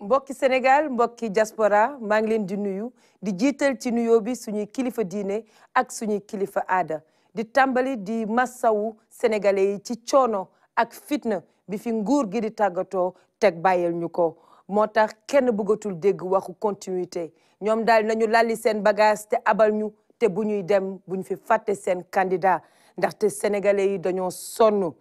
mbokki Sénégal mbokki jaspora maa ngi leen di nuyu di jiital ci nuyoo bi suñuy kilifa diine ak suñuy kilifa aada di tàmbali di massawu sénégalais yi ci coono ak fitna bi fi nguur gi di tàggatoo teg bàyyil ñu ko moo tax kenn bëggatul dégg waxu continuité ñoom daal nañu lalli seen bagage te abal ñu te bu ñuy dem buñ fi fàtte seen candidat ndaxte sénégalais yi dañoo sonn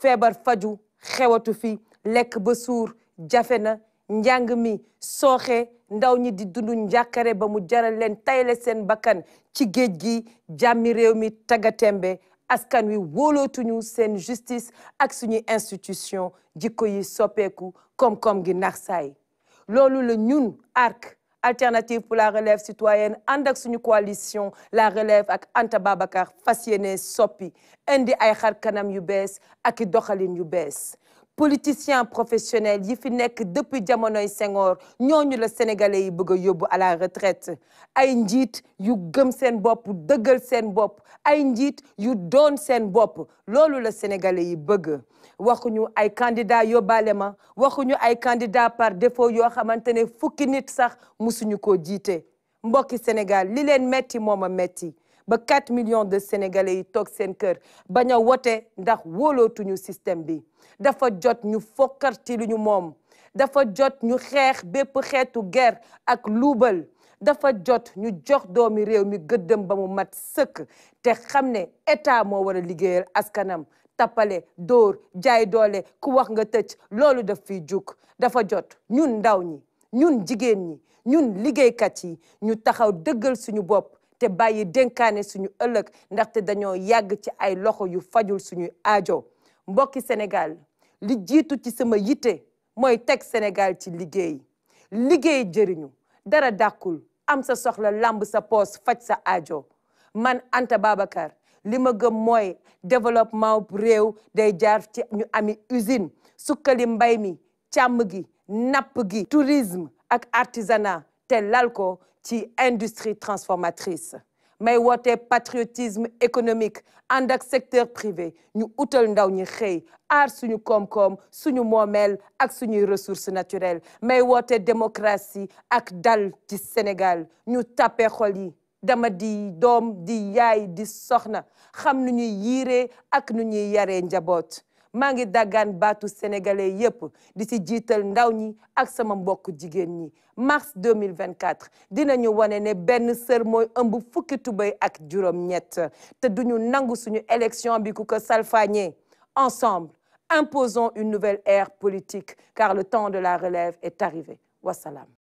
feebar faju xewatu fi lekk ba suur jafe na njàng mi sooxe ndaw ñi di dund njàkkare ba mu jaral leen tayle seen bakkan ci géej gi jàmmi réew mi tagatembe askan wi wóolootuñu seen justice ak suñuy institution jikko yi soppeeku koom-koom gi nax saay loolu la ñun ARC alternative pour la relève citoyenne ànd ak suñu coalition la relève ak Anta Babacar fas yéene soppi indi ay xar yu bees ak i doxalin yu bees politicien professionnel yi fi nekk depuis jamonoy Senghor ñooñu la sénégalais yi bëgg a yóbbu à la retraite ay njiit yu gëm seen bopp dëggal seen bopp ay njiit yu doon seen bopp loolu la sénégalais yi bëgg waxuñu ay candidat yóbbaale ma waxuñu ay candidat par défaut yoo xamante ne fukki nit sax musuñu ko jiitee mbokki Sénégal li leen moom a metti ba 4 millions de sénégalais yi toog seen kër bañ a wote ndax wóolootuñu système bi dafa jot ñu fokkarti lu ñu moom dafa jot ñu xeex bépp xeetu guerre ak luubal dafa jot ñu jox doomi réew mi gëddëm ba mu mat sëkk te xam ne état moo war a liggéeyal askanam tappale dóor jaay doole ku wax nga tëj loolu daf fi jug dafa jot ñun ndaw ñi ñun jigéen ñi ñun liggéeykat yi ñu taxaw dëggal suñu bopp te bàyyi dénkaane suñu ëllëg ndaxte dañoo yàgg ci ay loxo yu fajul suñuy aajo mbokki Sénégal li jiitu ci sama yitte mooy teg Sénégal ci liggéey liggéey jëriñu dara dàqul am sa soxla làmb sa pos faj sa aajo man Anta Babacar li ma gëm mooy développement réew day jaar ci ñu ami usine sukkali mbay mi càmm gi napp gi tourisme ak artisanat te lal ko ci industrie transformatrice may wootee patriotisme économique ànd ak secteur privé ñu utal ndaw ñi xëy aar suñu koom-koom suñu moomeel ak suñuy ressources naturelles may wootee démocratie ak dal ci Sénégal ñu tàppe xol yi dama di doom di yaay di soxna xam nu ñuy yiiree ak nu ñuy yaree njaboot maa ngi daggaan baatu sénégalais yépp di ci jiital ndaw ñi ak sama mbokk jigéen ñi mars dina dinañu wane ne benn sër mooy ëmb fukki tubéy ak juróom-ñett te duñu nangu suñu élection bi ku ko salfaañee ensemble imposons une nouvelle ère politique car le temps de la relève est arrivé wasalaam